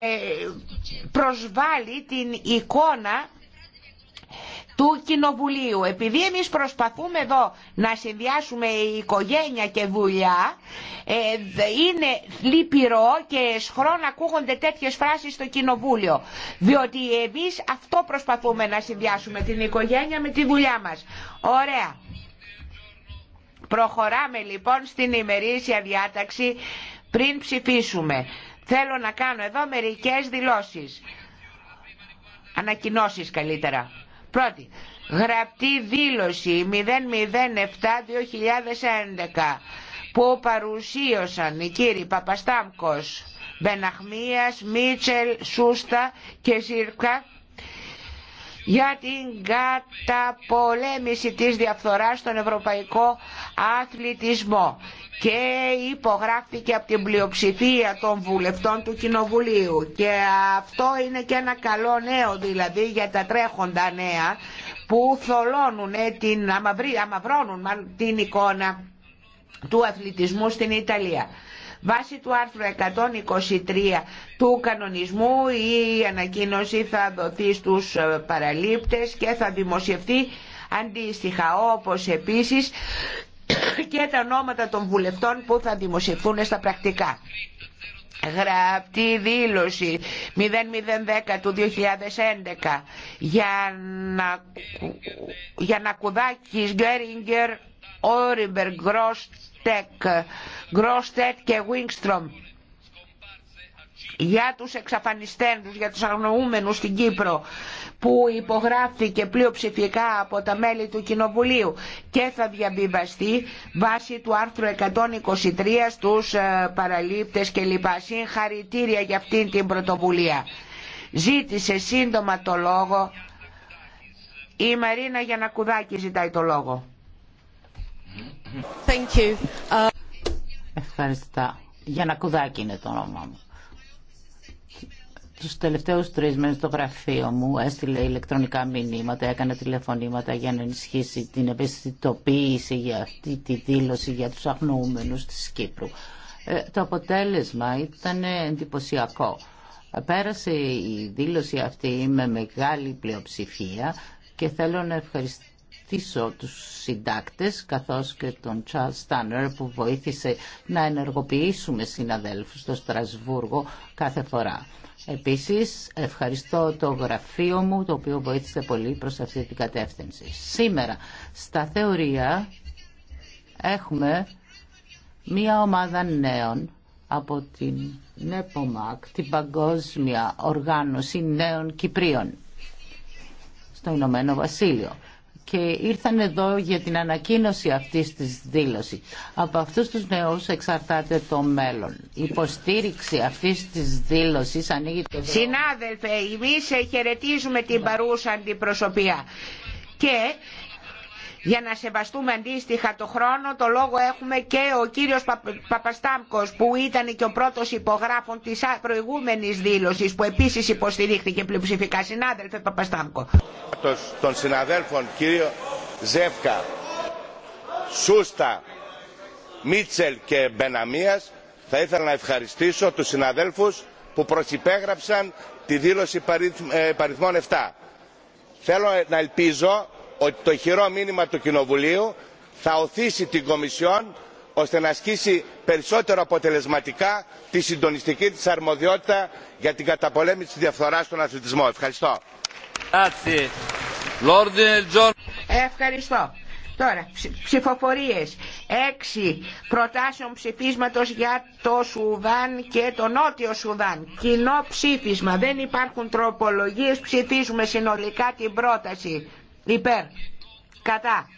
Ε, προσβάλλει την εικόνα του Κοινοβουλίου. Επειδή εμείς προσπαθούμε εδώ να συνδυάσουμε η οικογένεια και δουλειά, ε, είναι λυπηρό και σχρόν ακούγονται τέτοιες φράσεις στο Κοινοβούλιο. Διότι εμείς αυτό προσπαθούμε να συνδυάσουμε, την οικογένεια με τη δουλειά μας. Ωραία. Προχωράμε λοιπόν στην ημερήσια διάταξη πριν ψηφίσουμε. Θέλω να κάνω εδώ μερικές δηλώσεις. Ανακοινώσεις καλύτερα. Πρώτη, γραπτή δήλωση 007-2011 που παρουσίωσαν οι κύριοι Παπαστάμκος, Μπεναχμίας, Μίτσελ, Σούστα και Σύρκα για την καταπολέμηση της διαφθοράς στον ευρωπαϊκό αθλητισμό και υπογράφηκε από την πλειοψηφία των βουλευτών του Κοινοβουλίου και αυτό είναι και ένα καλό νέο δηλαδή για τα τρέχοντα νέα που θολώνουν ε, την, αμαυρώνουν την εικόνα του αθλητισμού στην Ιταλία. Βάσει του άρθρου 123 του κανονισμού η ανακοίνωση θα δοθεί στους ε, παραλήπτες και θα δημοσιευτεί αντίστοιχα όπως επίσης και τα ονόματα των βουλευτών που θα δημοσιευθούν στα πρακτικά. Γραπτή δήλωση 0010 του 2011 για να, για να Γκέριγκερ Όριμπερ, Γκρόστεκ, Γκρόστεκ και Βίνγκστρομ για τους εξαφανιστέντους, για τους αγνοούμενους στην Κύπρο που υπογράφηκε πλειοψηφικά από τα μέλη του Κοινοβουλίου και θα διαβιβαστεί βάσει του άρθρου 123 στους ε, παραλήπτες λοιπά Συγχαρητήρια για αυτήν την πρωτοβουλία. Ζήτησε σύντομα το λόγο. Η Μαρίνα Γιανακουδάκη ζητάει το λόγο. Thank you. Ευχαριστώ. να είναι το όνομά μου. Τους τελευταίους τρεις μήνες στο γραφείο μου έστειλε ηλεκτρονικά μηνύματα, έκανε τηλεφωνήματα για να ενισχύσει την ευαισθητοποίηση για αυτή τη δήλωση για τους αγνοούμενους της Κύπρου. Ε, το αποτέλεσμα ήταν εντυπωσιακό. Πέρασε η δήλωση αυτή με μεγάλη πλειοψηφία και θέλω να ευχαριστήσω Τίσω τους συντάκτες καθώς και τον Charles Στάνερ που βοήθησε να ενεργοποιήσουμε συναδέλφους στο Στρασβούργο κάθε φορά. Επίσης ευχαριστώ το γραφείο μου το οποίο βοήθησε πολύ προς αυτή την κατεύθυνση. Σήμερα στα θεωρία έχουμε μία ομάδα νέων από την ΝΕΠΟΜΑΚ, την Παγκόσμια Οργάνωση Νέων Κυπρίων στο Ηνωμένο Βασίλειο και ήρθαν εδώ για την ανακοίνωση αυτής της δήλωση. Από αυτούς τους νέους εξαρτάται το μέλλον. Η υποστήριξη αυτής της δήλωσης ανοίγει το Συνάδελφε, εμείς χαιρετίζουμε την παρούσα αντιπροσωπεία και για να σεβαστούμε αντίστοιχα το χρόνο το λόγο έχουμε και ο κύριος Παπαστάμκος που ήταν και ο πρώτος υπογράφων της προηγούμενης δήλωσης που επίσης υποστηρίχθηκε πλειοψηφικά. Συνάδελφε Παπαστάμκο. Των συναδέλφων κύριο Ζεύκα, Σούστα, Μίτσελ και Μπεναμίας θα ήθελα να ευχαριστήσω τους συναδέλφους που προσυπέγραψαν τη δήλωση ε, παριθμών 7. Θέλω να ελπίζω ότι το χειρό μήνυμα του κοινοβουλίου θα οθήσει την κομισιόν ώστε να ασκήσει περισσότερο αποτελεσματικά τη συντονιστική της αρμοδιότητα για την καταπολέμηση της διαφθοράς στον αθλητισμό. Ευχαριστώ. Ευχαριστώ. Τώρα, ψηφοφορίες. Έξι προτάσεων ψηφίσματος για το Σουδάν και το Νότιο Σουδάν. Κοινό ψήφισμα. Δεν υπάρχουν τροπολογίες. Ψηφίζουμε συνολικά την πρόταση υπέρ, κατά,